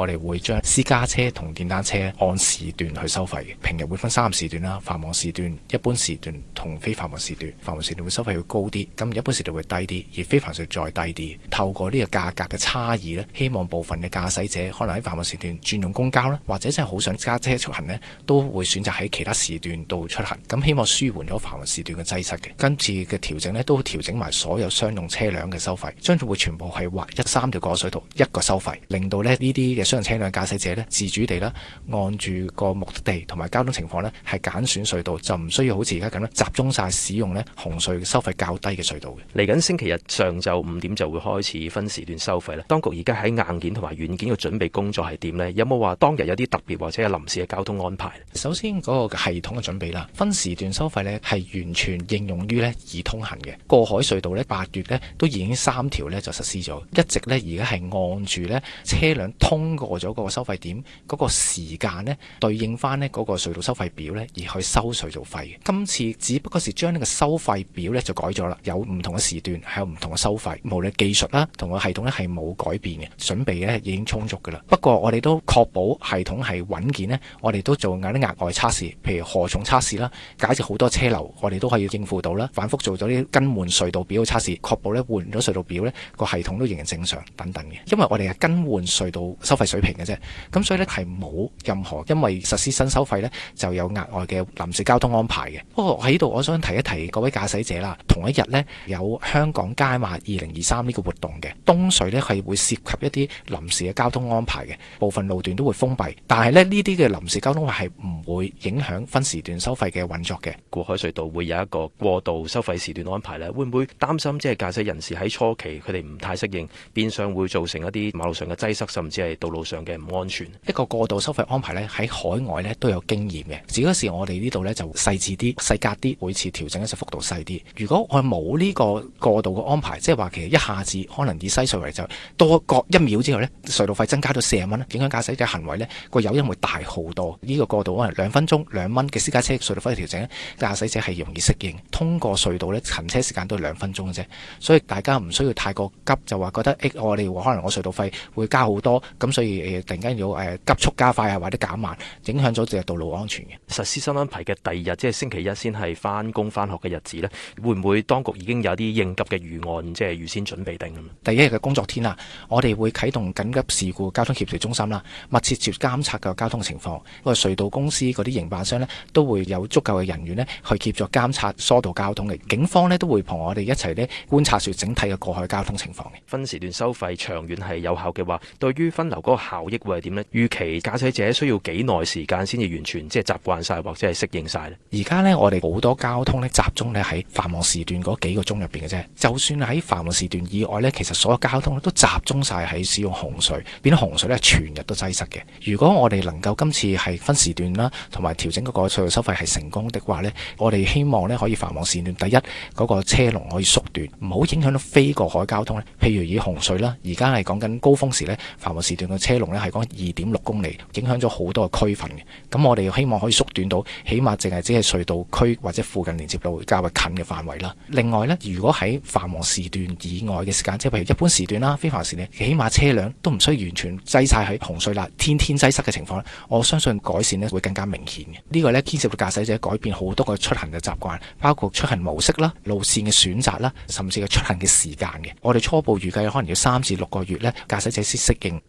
我哋會將私家車同電單車按時段去收費，平日會分三個時段啦，繁忙時段、一般時段同非繁忙時段。繁忙時段會收費會高啲，咁一般時段會低啲，而非繁忙時段再低啲。透過呢個價格嘅差異呢，希望部分嘅駕駛者可能喺繁忙時段轉用公交啦，或者真係好想揸車出行呢，都會選擇喺其他時段度出行。咁希望舒緩咗繁忙時段嘅擠塞嘅。今次嘅調整呢，都會調整埋所有商用車輛嘅收費，將會會全部係劃一三條過隧道一個收費，令到呢啲嘅。將車輛駕駛者咧自主地啦，按住個目的地同埋交通情況咧，係揀選隧道，就唔需要好似而家咁樣集中晒使用咧，紅隧收費較低嘅隧道嘅。嚟緊星期日上晝五點就會開始分時段收費咧。當局而家喺硬件同埋軟件嘅準備工作係點呢？有冇話當日有啲特別或者係臨時嘅交通安排？首先嗰個系統嘅準備啦，分時段收費咧係完全應用於咧易通行嘅過海隧道咧。八月咧都已經三條咧就實施咗，一直咧而家係按住咧車輛通。過咗個收費點，嗰個時間呢，對應翻呢嗰個隧道收費表呢，而去收隧道費。今次只不過是將呢個收費表呢就改咗啦，有唔同嘅時段係有唔同嘅收費。無論技術啦同個系統呢係冇改變嘅，準備呢已經充足噶啦。不過我哋都確保系統係穩健呢，我哋都做緊啲額外測試，譬如荷重測試啦，假設好多車流我哋都可以應付到啦。反複做咗啲更換隧道表嘅測試，確保呢換咗隧道表呢個系統都仍然正常等等嘅。因為我哋係更換隧道收費水平嘅啫，咁所以呢，係冇任何因為實施新收費呢就有額外嘅臨時交通安排嘅。不過喺度我想提一提各位駕駛者啦，同一日呢，有香港街馬二零二三呢個活動嘅東隧呢，係會涉及一啲臨時嘅交通安排嘅，部分路段都會封閉。但係呢，呢啲嘅臨時交通係唔會影響分時段收費嘅運作嘅。過海隧道會有一個過渡收費時段安排呢，會唔會擔心即係駕駛人士喺初期佢哋唔太適應，變相會造成一啲馬路上嘅擠塞，甚至係到路上嘅唔安全，一個過渡收費安排咧喺海外咧都有經驗嘅，只嗰時我哋呢度咧就細緻啲、細格啲，每次調整嘅幅度細啲。如果我冇呢個過渡嘅安排，即係話其實一下子可能以西隧為例就多過一秒之後咧，隧道費增加到四十蚊咧，影響駕駛者行為咧個誘因會大好多。呢個過渡可能兩分鐘兩蚊嘅私家車隧道費調整，駕駛者係容易適應。通過隧道咧行車時間都係兩分鐘嘅啫，所以大家唔需要太過急就話覺得誒、欸、我哋可能我隧道費會加好多咁。所以突然間要誒急速加快啊，或者減慢，影響咗成日道路安全嘅。實施新安排嘅第二日，即係星期一先係翻工翻學嘅日子咧，會唔會當局已經有啲應急嘅預案，即係預先準備定？第一日嘅工作天啦，我哋會啟動緊急事故交通協調中心啦，密切接監察嘅交通情況。個隧道公司嗰啲營辦商咧，都會有足夠嘅人員咧，去協助監察疏導交通嘅。警方咧都會同我哋一齊咧觀察住整體嘅過海交通情況嘅。分時段收費長遠係有效嘅話，對於分流個效益會係點呢？預期駕駛者需要幾耐時間先至完全，即係習慣晒或者係適應晒咧？而家呢，我哋好多交通呢集中咧喺繁忙時段嗰幾個鐘入邊嘅啫。就算喺繁忙時段以外呢，其實所有交通都集中晒喺使用紅隧，變咗紅隧咧全日都擠塞嘅。如果我哋能夠今次係分時段啦，同埋調整嗰個隧道收費係成功的話呢，我哋希望呢可以繁忙時段第一嗰、嗰個車龍可以縮短，唔好影響到非過海交通咧。譬如以紅隧啦，而家係講緊高峰時呢，繁忙時段嘅車龍咧係講二點六公里影響，影響咗好多個區份嘅。咁我哋希望可以縮短到，起碼淨係只係隧道區或者附近連接路較為近嘅範圍啦。另外呢，如果喺繁忙時段以外嘅時間，即係譬如一般時段啦、非繁忙時段，起碼車輛都唔需要完全擠晒喺洪隧啦，天天擠塞嘅情況，我相信改善呢會更加明顯嘅。呢、呢個呢，牽涉到駕駛者改變好多個出行嘅習慣，包括出行模式啦、路線嘅選擇啦，甚至係出行嘅時間嘅。我哋初步預計可能要三至六個月呢，駕駛者先適應。